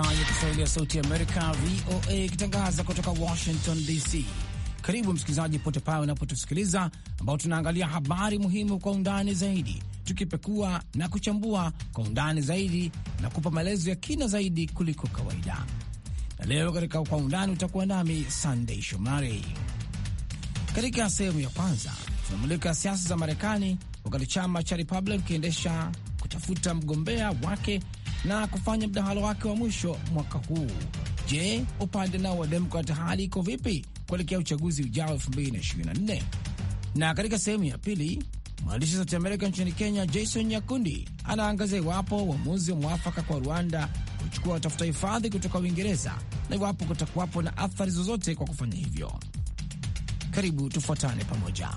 idhaa ya Kiswahili ya Sauti Amerika, VOA, ikitangaza kutoka Washington DC. Karibu msikilizaji pote pale unapotusikiliza, ambao tunaangalia habari muhimu kwa undani zaidi, tukipekua na kuchambua kwa undani zaidi na kupa maelezo ya kina zaidi kuliko kawaida. Na leo katika kwa undani utakuwa nami Sandei Shomari. Katika sehemu ya kwanza tunamulika siasa za Marekani wakati chama cha Republican kiendesha kutafuta mgombea wake na kufanya mdahalo wake wa mwisho mwaka huu. Je, upande nao wa Demokrat hali iko vipi kuelekea uchaguzi ujao 2024? Na katika sehemu ya pili mwandishi wa Sauti Amerika nchini Kenya Jason Nyakundi anaangazia iwapo uamuzi wa mwafaka kwa Rwanda kuchukua watafuta hifadhi kutoka Uingereza na iwapo kutakuwapo na athari zozote kwa kufanya hivyo. Karibu tufuatane pamoja.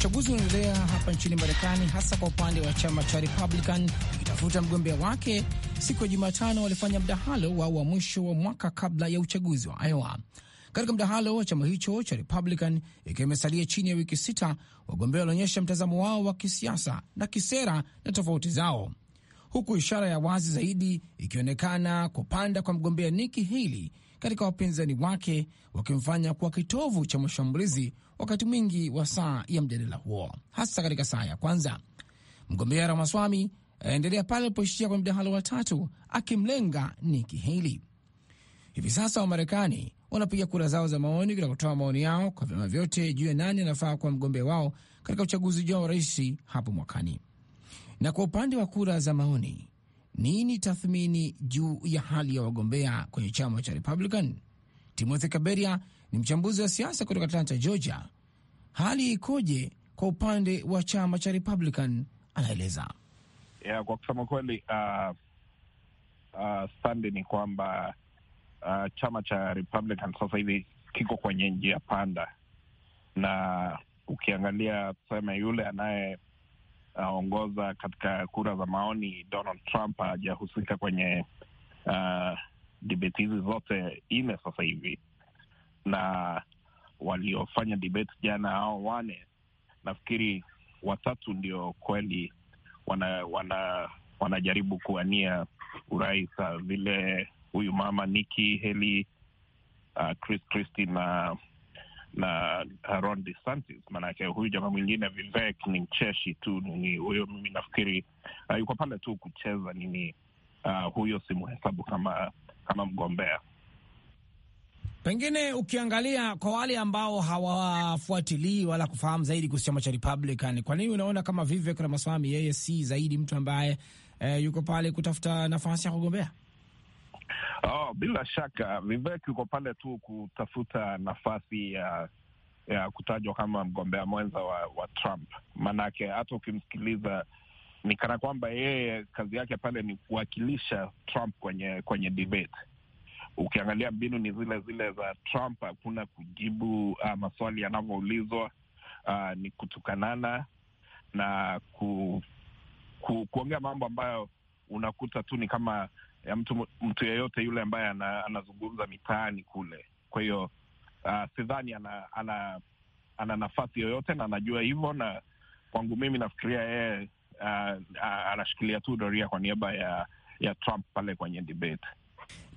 Uchaguzi unaendelea hapa nchini Marekani, hasa kwa upande wa chama cha Republican kitafuta mgombea wake. Siku ya Jumatano walifanya mdahalo wao wa mwisho wa mwaka kabla ya uchaguzi wa Iowa. Katika mdahalo wa chama hicho cha Republican, ikiwa imesalia chini ya wiki sita, wagombea walionyesha mtazamo wao wa kisiasa na kisera na tofauti zao, huku ishara ya wazi zaidi ikionekana kupanda kwa mgombea Nikki Haley katika wapinzani wake, wakimfanya kuwa kitovu cha mashambulizi wakati mwingi wa saa ya mjadala huo, hasa katika saa ya kwanza. Mgombea Ramaswami aendelea pale alipoishia kwa mdahalo wa tatu, akimlenga Nikki Haley. Hivi sasa Wamarekani wanapiga kura zao za maoni katika kutoa maoni yao kwa vyama vyote juu ya nani anafaa kuwa mgombea wao katika uchaguzi ujao wa rais hapo mwakani. Na kwa upande wa kura za maoni, nini tathmini juu ya hali ya wagombea kwenye chama cha Republican? Timothy Kaberia ni mchambuzi wa siasa kutoka Atlanta, Georgia, hali ikoje kwa upande wa chama cha Republican? Anaeleza yeah, kwa kusema kweli uh, uh, standi ni kwamba uh, chama cha Republican sasa hivi kiko kwenye njia panda, na ukiangalia tuseme yule anaye aongoza katika kura za maoni Donald Trump hajahusika kwenye uh, debate hizi zote ine sasa hivi, na waliofanya debate jana, hao wane, nafikiri watatu ndio kweli wana, wana wanajaribu kuania urais ah, vile huyu mama Nikki Haley, uh, Chris Christie na na Ron DeSantis. Maanake huyu jamaa mwingine Vivek ni mcheshi tu, nini, huyo, mimi nafikiri uh, yuko pale tu kucheza nini. Uh, huyo simuhesabu kama kama mgombea. Pengine ukiangalia kwa wale ambao hawafuatilii wala kufahamu zaidi kuhusu chama cha Republican, kwa nini unaona kama Vivek Ramaswamy yeye si zaidi mtu ambaye e, yuko pale kutafuta nafasi ya kugombea? Oh, bila shaka Vivek yuko pale tu kutafuta nafasi ya ya kutajwa kama mgombea mwenza wa, wa Trump. Maanake hata ukimsikiliza ni kana kwamba yeye kazi yake pale ni kuwakilisha Trump kwenye kwenye debate ukiangalia mbinu ni zile zile za Trump, hakuna kujibu uh, maswali yanavyoulizwa. Uh, ni kutukanana na ku, ku, kuongea mambo ambayo unakuta tu ni kama ya mtu mtu yeyote yule ambaye ana, anazungumza mitaani kule. Kwa hiyo uh, sidhani ana, ana, ana nafasi yoyote na anajua hivyo, na kwangu mimi nafikiria yeye uh, anashikilia tu doria kwa niaba ya ya Trump pale kwenye debate.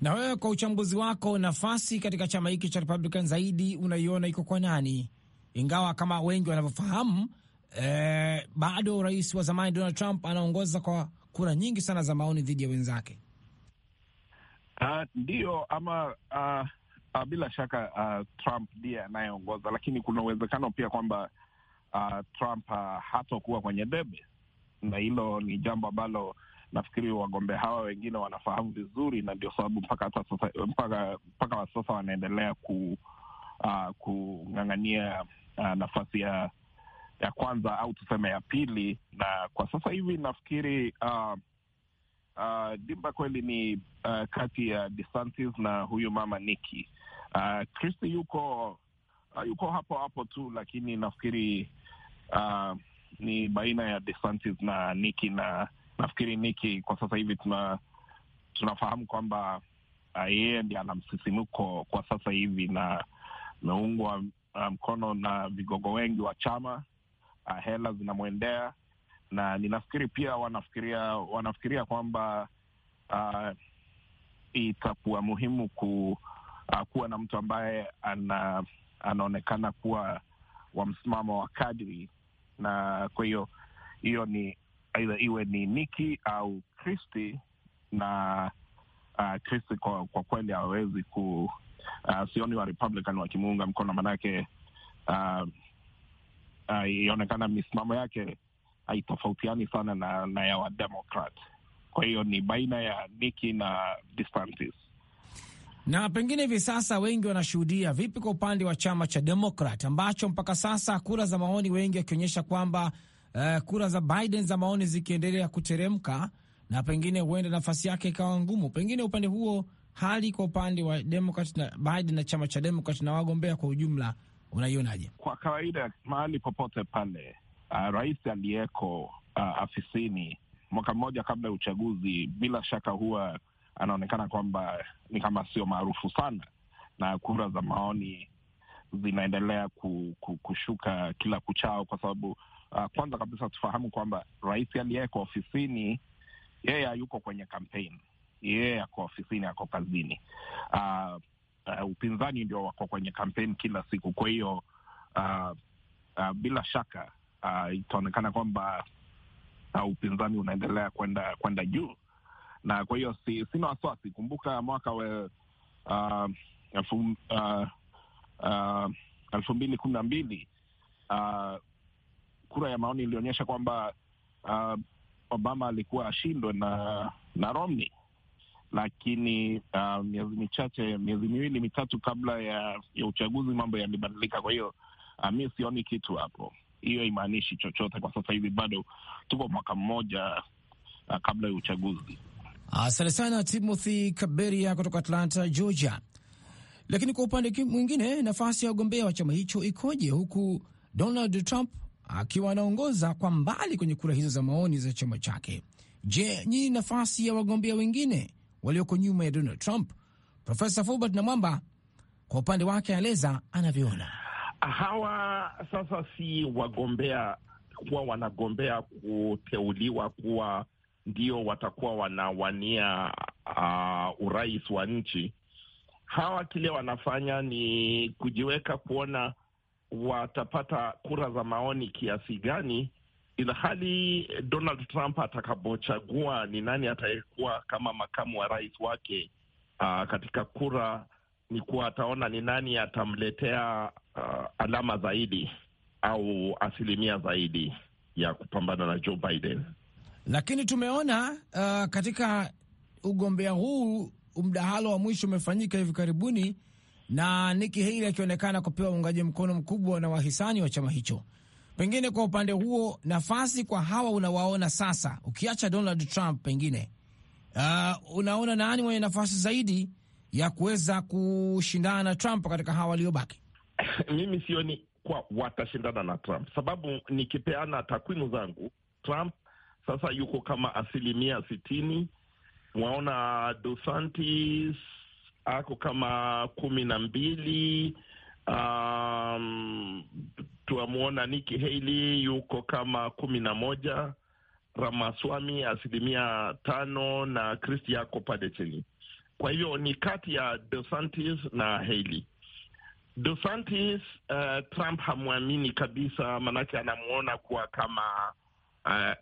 Na wewe kwa uchambuzi wako, nafasi katika chama hiki cha Republican zaidi unaiona iko kwa nani? Ingawa kama wengi wanavyofahamu, eh, bado rais wa zamani Donald Trump anaongoza kwa kura nyingi sana za maoni dhidi ya wenzake. Uh, ah, ndiyo ama uh, uh, bila shaka uh, Trump ndiye anayeongoza, lakini kuna uwezekano pia kwamba uh, Trump uh, hatokuwa kwenye debe, na hilo ni jambo ambalo nafikiri wagombea hawa wengine wanafahamu vizuri, na ndio sababu mpaka hata sasa mpaka, mpaka sasa wanaendelea ku, uh, kung'ang'ania uh, nafasi ya ya kwanza au tuseme ya pili, na kwa sasa hivi nafikiri uh, uh, dimba kweli ni uh, kati ya DeSantis na huyu mama niki Uh, yuko uh, yuko hapo hapo tu, lakini nafikiri uh, ni baina ya DeSantis na niki na nafikiri Niki kwa sasa hivi tuna, tunafahamu kwamba uh, yeye ndi ana msisimuko kwa sasa hivi na ameungwa uh, mkono na vigogo wengi wa chama uh, hela zinamwendea na ninafikiri pia wanafikiria wanafikiria kwamba uh, itakuwa muhimu ku, uh, kuwa na mtu ambaye ana, anaonekana kuwa wa msimamo wa kadri, na kwa hiyo hiyo ni aidha iwe ni Niki au Kristi na uh, Kristi kwa, kwa kweli hawawezi ku uh, sioni wa Republican wakimuunga mkono manake uh, uh, ionekana misimamo yake haitofautiani sana na, na ya Wademokrat. Kwa hiyo ni baina ya Niki na distantis na pengine hivi sasa wengi wanashuhudia vipi kwa upande wa chama cha Demokrat ambacho mpaka sasa kura za maoni wengi wakionyesha kwamba uh, kura za Biden za maoni zikiendelea kuteremka na pengine huenda nafasi yake ikawa ngumu, pengine upande huo hali kwa upande wa Demokrat na Biden na chama cha demokrat na wagombea kwa ujumla unaionaje? Kwa kawaida mahali popote pale, uh, rais aliyeko uh, afisini mwaka mmoja kabla ya uchaguzi, bila shaka huwa anaonekana kwamba ni kama sio maarufu sana, na kura za maoni zinaendelea ku, ku, kushuka kila kuchao, kwa sababu uh, kwanza kabisa tufahamu kwamba rais aliyeko ofisini yeye hayuko kwenye kampeni, yeye ako ofisini, ako kazini. Uh, uh, upinzani ndio wako kwenye kampeni kila siku. Kwa hiyo uh, uh, bila shaka uh, itaonekana kwamba uh, upinzani unaendelea kwenda kwenda juu, na kwa hiyo si, sina wasiwasi. Kumbuka mwaka wa uh, elfu uh, Uh, elfu mbili kumi na mbili uh, kura ya maoni ilionyesha kwamba uh, Obama alikuwa ashindwe na na Romney, lakini uh, miezi michache, miezi miwili mitatu kabla ya, ya uchaguzi mambo yalibadilika. Kwa hiyo uh, mi sioni kitu hapo, hiyo imaanishi chochote kwa sasa hivi, bado tuko mwaka mmoja uh, kabla ya uchaguzi. Asante sana Timothy Kaberia kutoka Atlanta, Georgia. Lakini kwa upande mwingine, nafasi ya wagombea wa chama hicho ikoje, huku Donald Trump akiwa anaongoza kwa mbali kwenye kura hizo za maoni za chama chake? Je, nyini nafasi ya wagombea wengine walioko nyuma ya Donald Trump? Profesa Fulbert Namwamba kwa upande wake aleza anavyoona. Hawa sasa si wagombea kuwa wanagombea kuteuliwa kuwa ndio watakuwa wanawania uh, urais wa nchi hawa kile wanafanya ni kujiweka kuona watapata kura za maoni kiasi gani, ila hali Donald Trump atakapochagua ni nani atayekuwa kama makamu wa rais wake uh, katika kura ni kuwa ataona ni nani atamletea uh, alama zaidi au asilimia zaidi ya kupambana na Joe Biden. Lakini tumeona uh, katika ugombea huu mdahalo wa mwisho umefanyika hivi karibuni na Nikki Haley akionekana kupewa uungaji mkono mkubwa na wahisani wa chama hicho. Pengine kwa upande huo, nafasi kwa hawa unawaona sasa, ukiacha Donald Trump, pengine uh, unaona nani mwenye nafasi zaidi ya kuweza kushindana na Trump katika hawa waliobaki? Mimi sioni kwa watashindana na Trump, sababu nikipeana takwimu zangu, Trump sasa yuko kama asilimia sitini Waona Dosantis ako kama kumi na mbili. Um, tuamwona Nikki Haley yuko kama kumi na moja, Ramaswami asilimia tano na Kristi yako pale chini. Kwa hiyo ni kati ya Dosantis na Haley. Dosantis, uh, Trump hamwamini kabisa, manake anamwona kuwa kama uh,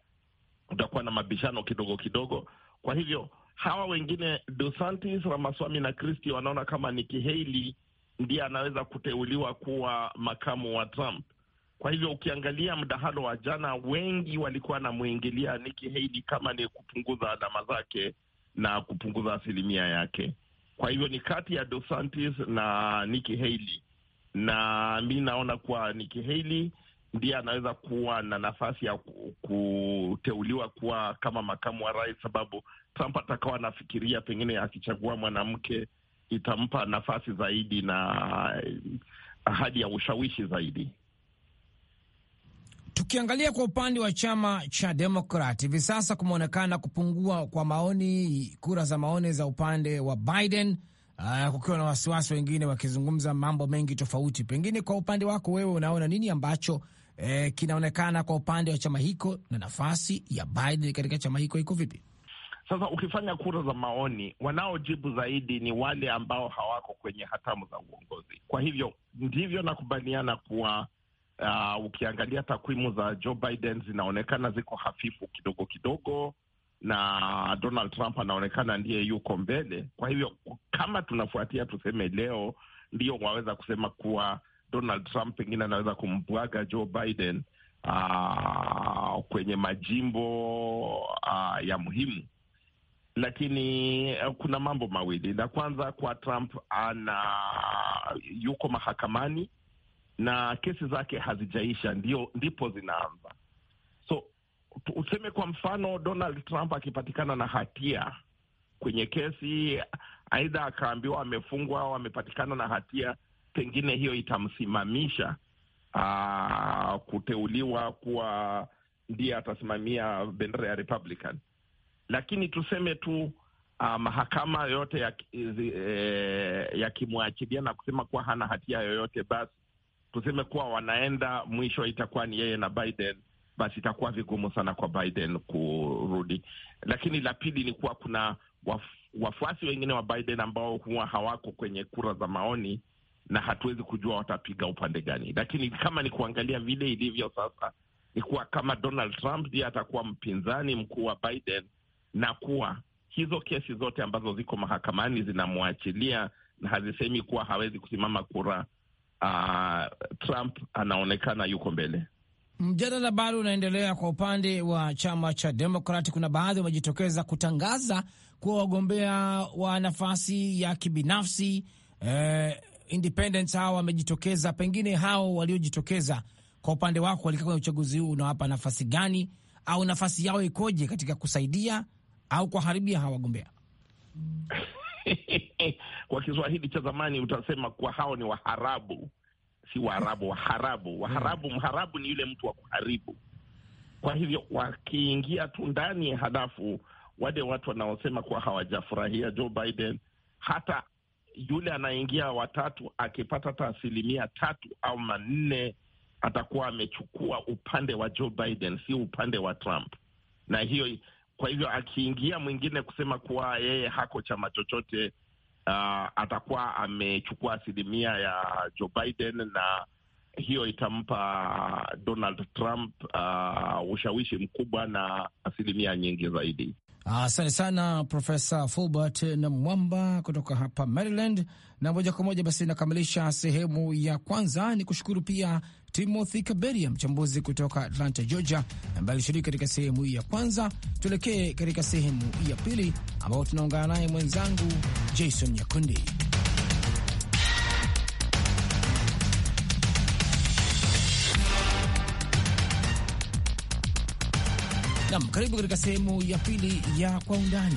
utakuwa na mabishano kidogo kidogo, kwa hivyo hawa wengine DeSantis, Ramaswamy na Christie wanaona kama Nikki Haley ndiye anaweza kuteuliwa kuwa makamu wa Trump. Kwa hivyo ukiangalia mdahalo wa jana, wengi walikuwa anamwingilia Nikki Haley kama ni kupunguza alama zake na kupunguza asilimia yake. Kwa hivyo ni kati ya DeSantis na Nikki Haley, na mi naona kuwa Nikki Haley ndiye anaweza kuwa na nafasi ya kuteuliwa kuwa kama makamu wa rais, sababu Trump atakawa anafikiria pengine akichagua mwanamke itampa nafasi zaidi na eh, ahadi ya ushawishi zaidi. Tukiangalia kwa upande wa chama cha Demokrat, hivi sasa kumeonekana kupungua kwa maoni, kura za maoni za upande wa Biden, uh, kukiwa na wasiwasi wengine wakizungumza mambo mengi tofauti. Pengine kwa upande wako wewe, unaona nini ambacho eh, kinaonekana kwa upande wa chama hiko na nafasi ya Biden katika chama hiko iko vipi? Sasa ukifanya kura za maoni, wanaojibu zaidi ni wale ambao hawako kwenye hatamu za uongozi. Kwa hivyo ndivyo nakubaliana kuwa uh, ukiangalia takwimu za Joe Biden zinaonekana ziko hafifu kidogo kidogo, na Donald Trump anaonekana ndiye yuko mbele. Kwa hivyo kama tunafuatia, tuseme leo ndio waweza kusema kuwa Donald Trump pengine anaweza kumbwaga Joe Biden uh, kwenye majimbo uh, ya muhimu, lakini uh, kuna mambo mawili. La kwanza kwa Trump ana yuko mahakamani na kesi zake hazijaisha, ndio ndipo zinaanza. So useme kwa mfano Donald Trump akipatikana na hatia kwenye kesi, aidha akaambiwa amefungwa au amepatikana na hatia pengine hiyo itamsimamisha aa, ah, kuteuliwa kuwa ndiye atasimamia bendera ya Republican. Lakini tuseme tu aa, ah, mahakama yote yakimwachilia e, ya eh, na kusema kuwa hana hatia yoyote, basi tuseme kuwa wanaenda mwisho itakuwa ni yeye na Biden, basi itakuwa vigumu sana kwa Biden kurudi. Lakini la pili ni kuwa kuna wafu, wafuasi wengine wa Biden ambao huwa hawako kwenye kura za maoni na hatuwezi kujua watapiga upande gani, lakini kama ni kuangalia vile ilivyo sasa, ni kuwa kama Donald Trump ndiye atakuwa mpinzani mkuu wa Biden na kuwa hizo kesi zote ambazo ziko mahakamani zinamwachilia na hazisemi kuwa hawezi kusimama kura. Uh, Trump anaonekana yuko mbele. Mjadala bado unaendelea kwa upande wa chama cha Demokrat. Kuna baadhi wamejitokeza kutangaza kuwa wagombea wa nafasi ya kibinafsi eh, independents hao wamejitokeza, pengine hao waliojitokeza kwa upande wako walikaa kwenye uchaguzi huu, unawapa nafasi gani au nafasi yao ikoje katika kusaidia au kuwaharibia hawa wagombea? Kwa Kiswahili cha zamani utasema kuwa hao ni waharabu, si Waarabu, waharabu. Waharabu, hmm. mharabu ni yule mtu wa kuharibu. Kwa hivyo wakiingia tu ndani ya hadafu, wale watu wanaosema kuwa hawajafurahia Joe Biden hata yule anaingia watatu akipata hata asilimia tatu au manne atakuwa amechukua upande wa Joe Biden, si upande wa Trump. Na hiyo kwa hivyo akiingia mwingine kusema kuwa yeye hako chama chochote, uh, atakuwa amechukua asilimia ya Joe Biden, na hiyo itampa Donald Trump uh, ushawishi mkubwa na asilimia nyingi zaidi. Asante sana Profesa Fulbert na Mwamba kutoka hapa Maryland. Na moja kwa moja basi inakamilisha sehemu ya kwanza. Ni kushukuru pia Timothy Kaberia, mchambuzi kutoka Atlanta, Georgia, ambaye alishiriki katika sehemu hii ya kwanza. Tuelekee katika sehemu ya pili, ambao tunaungana naye mwenzangu Jason Nyakundi. Nam, karibu katika sehemu ya pili ya kwa undani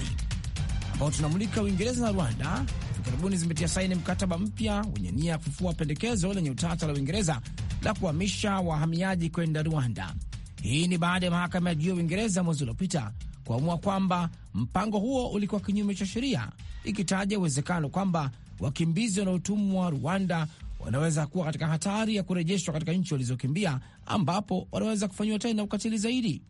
ambao tunamulika Uingereza na Rwanda karibuni zimetia saini mkataba mpya wenye nia ya kufufua pendekezo lenye utata la Uingereza la kuhamisha wahamiaji kwenda Rwanda. Hii ni baada ya mahakama ya juu ya Uingereza mwezi uliopita kuamua kwamba mpango huo ulikuwa kinyume cha sheria, ikitaja uwezekano kwamba wakimbizi wanaotumwa Rwanda wanaweza kuwa katika hatari ya kurejeshwa katika nchi walizokimbia, ambapo wanaweza kufanyiwa tena ukatili zaidi.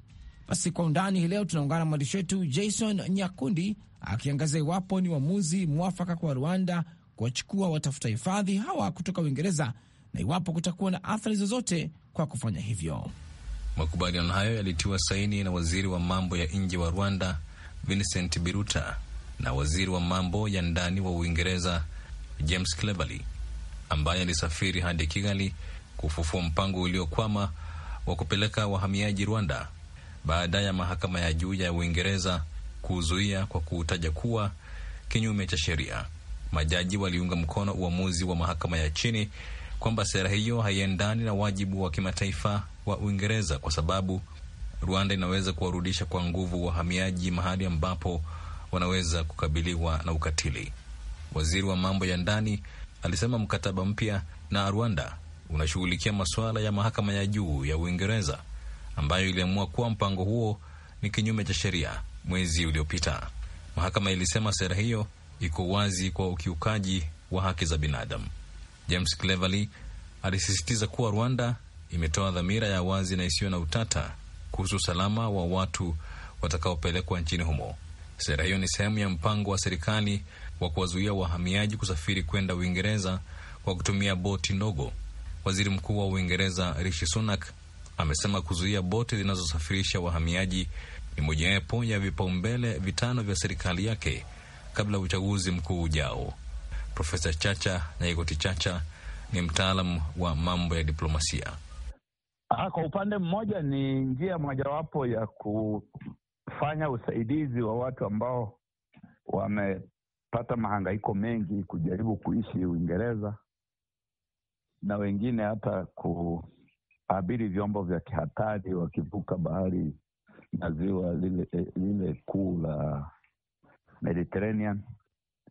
Basi kwa undani hii leo tunaungana na mwandishi wetu Jason Nyakundi akiangazia iwapo ni uamuzi mwafaka kwa Rwanda kuwachukua watafuta hifadhi hawa kutoka Uingereza na iwapo kutakuwa na athari zozote kwa kufanya hivyo. Makubaliano hayo yalitiwa saini na waziri wa mambo ya nje wa Rwanda Vincent Biruta na waziri wa mambo ya ndani wa Uingereza James Cleverly ambaye alisafiri hadi Kigali kufufua mpango uliokwama wa kupeleka wahamiaji Rwanda baada ya mahakama ya juu ya Uingereza kuzuia kwa kuutaja kuwa kinyume cha sheria. Majaji waliunga mkono uamuzi wa mahakama ya chini kwamba sera hiyo haiendani na wajibu wa kimataifa wa Uingereza kwa sababu Rwanda inaweza kuwarudisha kwa nguvu wahamiaji mahali ambapo wanaweza kukabiliwa na ukatili. Waziri wa mambo ya ndani alisema mkataba mpya na Rwanda unashughulikia masuala ya mahakama ya juu ya Uingereza ambayo iliamua kuwa mpango huo ni kinyume cha sheria. Mwezi uliopita, mahakama ilisema sera hiyo iko wazi kwa ukiukaji wa haki za binadamu. James Cleverly alisisitiza kuwa Rwanda imetoa dhamira ya wazi na isiyo na utata kuhusu usalama wa watu watakaopelekwa nchini humo. Sera hiyo ni sehemu ya mpango wa serikali wa kuwazuia wahamiaji kusafiri kwenda Uingereza kwa kutumia boti ndogo. Waziri Mkuu wa Uingereza Rishi Sunak amesema kuzuia boti zinazosafirisha wahamiaji ni mojawapo ya vipaumbele vitano vya serikali yake kabla ya uchaguzi mkuu ujao. Profesa Chacha Nyaigoti Chacha ni mtaalam wa mambo ya diplomasia. Ha, ah, kwa upande mmoja ni njia mojawapo ya kufanya usaidizi wa watu ambao wamepata mahangaiko mengi kujaribu kuishi Uingereza na wengine hata ku abiri vyombo vya kihatari wakivuka bahari na ziwa lile, lile kuu la Mediterranean.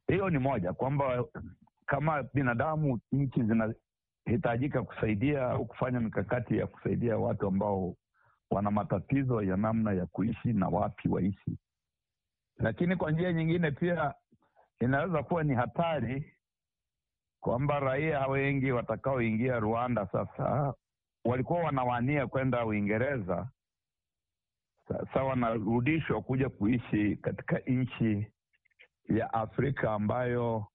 Hiyo ni moja kwamba kama binadamu, nchi zinahitajika kusaidia au kufanya mikakati ya kusaidia watu ambao wana matatizo ya namna ya kuishi na wapi waishi, lakini kwa njia nyingine pia inaweza kuwa ni hatari kwamba raia wengi watakaoingia Rwanda sasa walikuwa wanawania kwenda Uingereza. Sasa wanarudishwa kuja kuishi katika nchi ya Afrika ambayo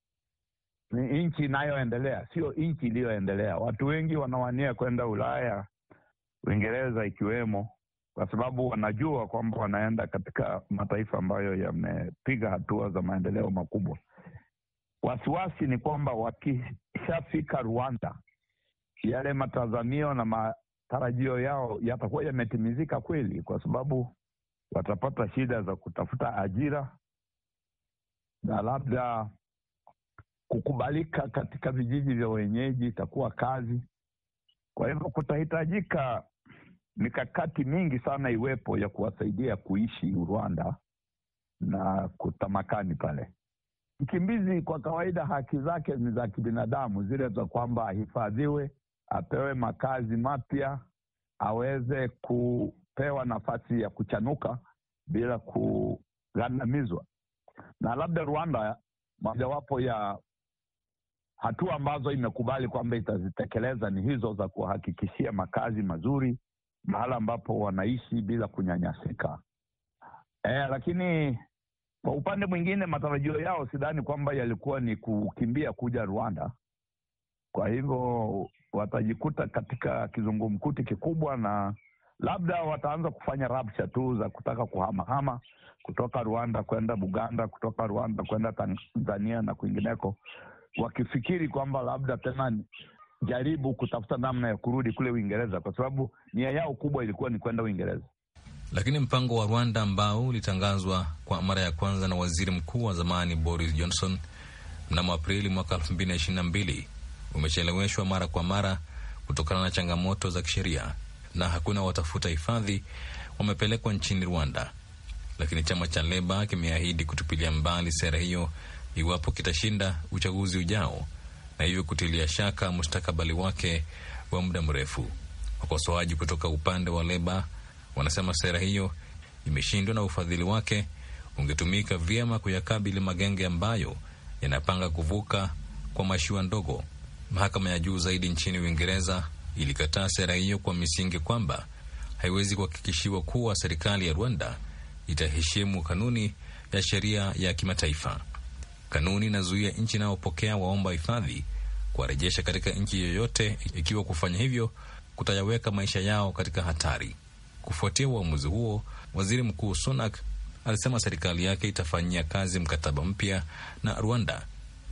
ni nchi inayoendelea, sio nchi iliyoendelea. Watu wengi wanawania kwenda Ulaya, Uingereza ikiwemo, kwa sababu wanajua kwamba wanaenda katika mataifa ambayo yamepiga hatua za maendeleo makubwa. Wasiwasi ni kwamba wakishafika Rwanda yale matazamio na matarajio yao yatakuwa yametimizika kweli, kwa sababu watapata shida za kutafuta ajira na labda kukubalika katika vijiji vya wenyeji itakuwa kazi. Kwa hivyo kutahitajika mikakati mingi sana iwepo ya kuwasaidia kuishi Rwanda na kutamakani pale. Mkimbizi kwa kawaida haki zake ni za kibinadamu, zile za kwamba ahifadhiwe, apewe makazi mapya, aweze kupewa nafasi ya kuchanuka bila kugandamizwa. Na labda Rwanda, mojawapo ya hatua ambazo imekubali kwamba itazitekeleza ni hizo za kuhakikishia makazi mazuri, mahala ambapo wanaishi bila kunyanyasika. E, lakini kwa upande mwingine matarajio yao sidhani kwamba yalikuwa ni kukimbia kuja Rwanda. Kwa hivyo watajikuta katika kizungumkuti kikubwa, na labda wataanza kufanya rabsha tu za kutaka kuhamahama kutoka Rwanda kwenda Buganda, kutoka Rwanda kwenda Tanzania na kwingineko, wakifikiri kwamba labda tena jaribu kutafuta namna ya kurudi kule Uingereza, kwa sababu nia yao kubwa ilikuwa ni kwenda Uingereza. Lakini mpango wa Rwanda ambao ulitangazwa kwa mara ya kwanza na waziri mkuu wa zamani Boris Johnson mnamo Aprili mwaka elfu mbili na ishirini na mbili umecheleweshwa mara kwa mara kutokana na changamoto za kisheria na hakuna watafuta hifadhi wamepelekwa nchini Rwanda, lakini chama cha Leba kimeahidi kutupilia mbali sera hiyo iwapo kitashinda uchaguzi ujao na hivyo kutilia shaka mustakabali wake wa muda mrefu. Wakosoaji kutoka upande wa Leba wanasema sera hiyo imeshindwa na ufadhili wake ungetumika vyema kuyakabili magenge ambayo yanapanga kuvuka kwa mashua ndogo Mahakama ya juu zaidi nchini Uingereza ilikataa sera hiyo kwa misingi kwamba haiwezi kuhakikishiwa kuwa serikali ya Rwanda itaheshimu kanuni ya sheria ya kimataifa. Kanuni inazuia nchi inayopokea waomba hifadhi kuwarejesha katika nchi yoyote ikiwa kufanya hivyo kutayaweka maisha yao katika hatari. Kufuatia uamuzi huo, waziri mkuu Sunak alisema serikali yake itafanyia kazi mkataba mpya na Rwanda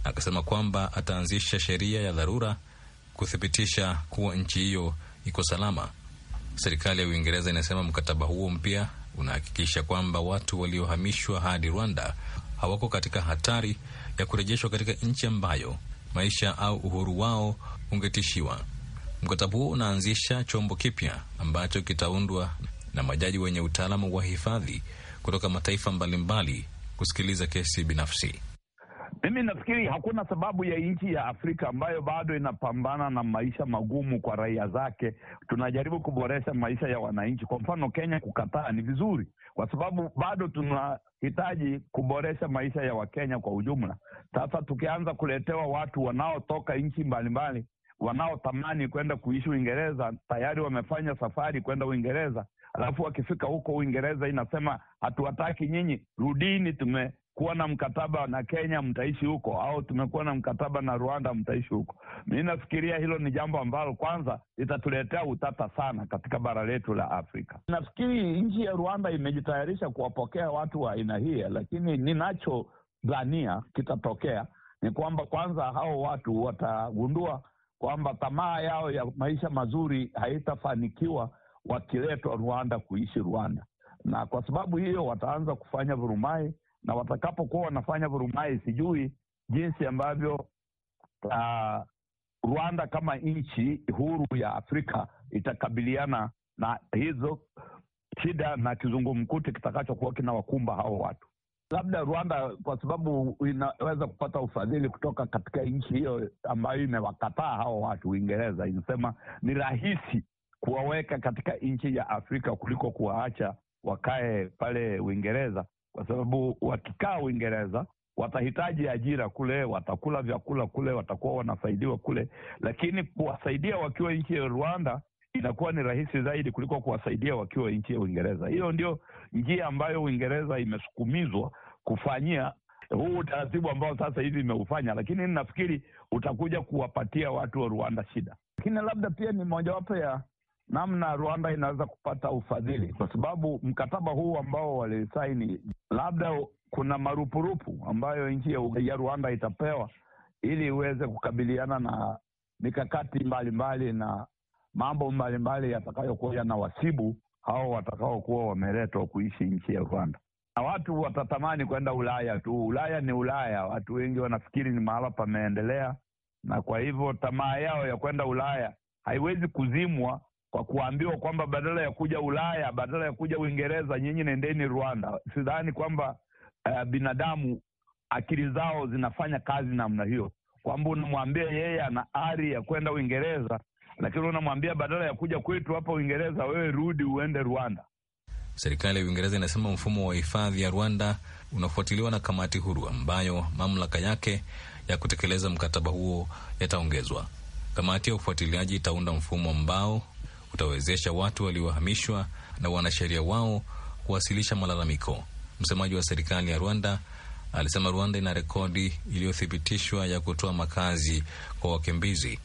akasema kwamba ataanzisha sheria ya dharura kuthibitisha kuwa nchi hiyo iko salama. Serikali ya Uingereza inasema mkataba huo mpya unahakikisha kwamba watu waliohamishwa hadi Rwanda hawako katika hatari ya kurejeshwa katika nchi ambayo maisha au uhuru wao ungetishiwa. Mkataba huo unaanzisha chombo kipya ambacho kitaundwa na majaji wenye utaalamu wa hifadhi kutoka mataifa mbalimbali kusikiliza kesi binafsi. Mimi nafikiri hakuna sababu ya nchi ya Afrika ambayo bado inapambana na maisha magumu kwa raia zake, tunajaribu kuboresha maisha ya wananchi. Kwa mfano, Kenya kukataa ni vizuri, kwa sababu bado tunahitaji kuboresha maisha ya Wakenya kwa ujumla. Sasa tukianza kuletewa watu wanaotoka nchi mbalimbali wanaotamani kwenda kuishi Uingereza, tayari wamefanya safari kwenda Uingereza, alafu wakifika huko Uingereza inasema hatuwataki nyinyi, rudini, tume kuwa na mkataba na Kenya mtaishi huko, au tumekuwa na mkataba na Rwanda mtaishi huko. Mi nafikiria hilo ni jambo ambalo kwanza litatuletea utata sana katika bara letu la Afrika. Nafikiri nchi ya Rwanda imejitayarisha kuwapokea watu wa aina hii, lakini ninachodhania kitatokea ni kwamba kwanza hao watu watagundua kwamba tamaa yao ya maisha mazuri haitafanikiwa wakiletwa Rwanda kuishi Rwanda, na kwa sababu hiyo wataanza kufanya vurumai na watakapokuwa wanafanya vurumai, sijui jinsi ambavyo uh, Rwanda kama nchi huru ya Afrika itakabiliana na hizo shida na kizungumkuti kitakachokuwa kinawakumba hao watu. Labda Rwanda kwa sababu inaweza kupata ufadhili kutoka katika nchi hiyo ambayo imewakataa hao watu, Uingereza inasema ni rahisi kuwaweka katika nchi ya Afrika kuliko kuwaacha wakae pale Uingereza, kwa sababu wakikaa Uingereza watahitaji ajira kule, watakula vyakula kule, watakuwa wanasaidiwa kule, lakini kuwasaidia wakiwa nchi ya Rwanda inakuwa ni rahisi zaidi kuliko kuwasaidia wakiwa nchi ya Uingereza. Hiyo ndio njia ambayo Uingereza imesukumizwa kufanyia huu utaratibu ambao sasa hivi imeufanya, lakini nafikiri utakuja kuwapatia watu wa Rwanda shida. Lakini labda pia ni mojawapo ya namna Rwanda inaweza kupata ufadhili, kwa sababu mkataba huu ambao walisaini, labda kuna marupurupu ambayo nchi ya Rwanda itapewa ili iweze kukabiliana na mikakati mbalimbali na mambo mbalimbali yatakayokuwa wasibu hao watakaokuwa wameletwa kuishi nchi ya Rwanda. Na watu watatamani kwenda Ulaya tu. Ulaya ni Ulaya, watu wengi wanafikiri ni mahala pameendelea, na kwa hivyo tamaa yao ya kwenda Ulaya haiwezi kuzimwa kwa kuambiwa kwamba badala ya kuja Ulaya, badala ya kuja Uingereza, nyinyi nendeni Rwanda. Sidhani kwamba uh, binadamu akili zao zinafanya kazi namna hiyo, kwamba unamwambia yeye ana ari ya kwenda Uingereza, lakini unamwambia badala ya kuja kwetu hapa Uingereza, wewe rudi uende Rwanda. Serikali ya Uingereza inasema mfumo wa hifadhi ya Rwanda unafuatiliwa na kamati huru ambayo mamlaka yake ya kutekeleza mkataba huo yataongezwa. Kamati ya ufuatiliaji itaunda mfumo ambao utawezesha watu waliohamishwa na wanasheria wao kuwasilisha malalamiko. Msemaji wa serikali ya Rwanda alisema Rwanda ina rekodi iliyothibitishwa ya kutoa makazi kwa wakimbizi,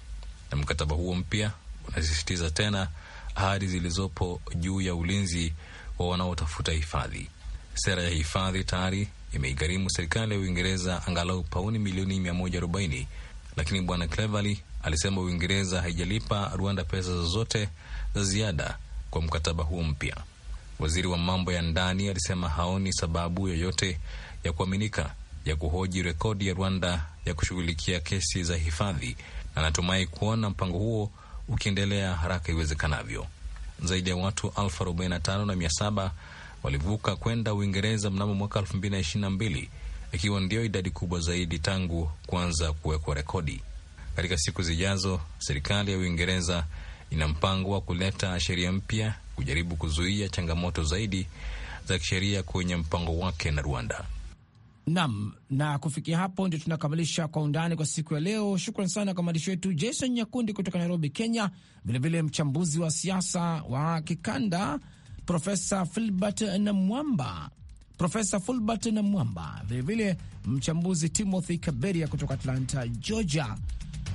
na mkataba huo mpya unasisitiza tena ahadi zilizopo juu ya ulinzi wa wanaotafuta hifadhi. Sera ya hifadhi tayari imeigharimu serikali ya Uingereza angalau pauni milioni 140, lakini Bwana Cleverly alisema Uingereza haijalipa Rwanda pesa zozote za ziada kwa mkataba huo mpya. Waziri wa mambo ya ndani alisema haoni sababu yoyote ya kuaminika ya kuhoji rekodi ya Rwanda ya kushughulikia kesi za hifadhi na anatumai kuona mpango huo ukiendelea haraka iwezekanavyo. Zaidi ya watu elfu arobaini na tano na mia saba walivuka kwenda Uingereza mnamo mwaka elfu mbili na ishirini na mbili ikiwa ndiyo idadi kubwa zaidi tangu kuanza kuwekwa rekodi. Katika siku zijazo, serikali ya Uingereza ina mpango wa kuleta sheria mpya kujaribu kuzuia changamoto zaidi za kisheria kwenye mpango wake na Rwanda. Nam, na kufikia hapo ndio tunakamilisha Kwa Undani kwa siku ya leo. Shukran sana kwa mwandishi wetu Jason Nyakundi kutoka Nairobi, Kenya, vilevile mchambuzi wa siasa wa kikanda Profesa Filbert Namwamba, Profesa Fulbert Namwamba, vilevile mchambuzi Timothy Kaberia kutoka Atlanta, Georgia.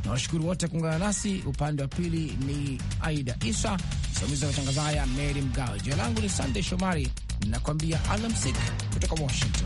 Nawashukuru wote kuungana nasi. Upande wa pili ni Aida Isa, msimamizi wa matangazo haya mery Mgawe. Jina langu ni Sandey Shomari, nakuambia alamsik kutoka Washington.